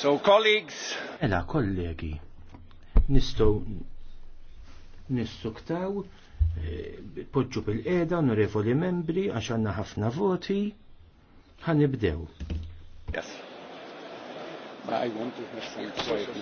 So colleagues. Ela kollegi, nistow nissuktaw, eh, poġġu bil-qeda, onorevoli membri, għax għandna ħafna voti, ħanibdew. Yes. I want to have some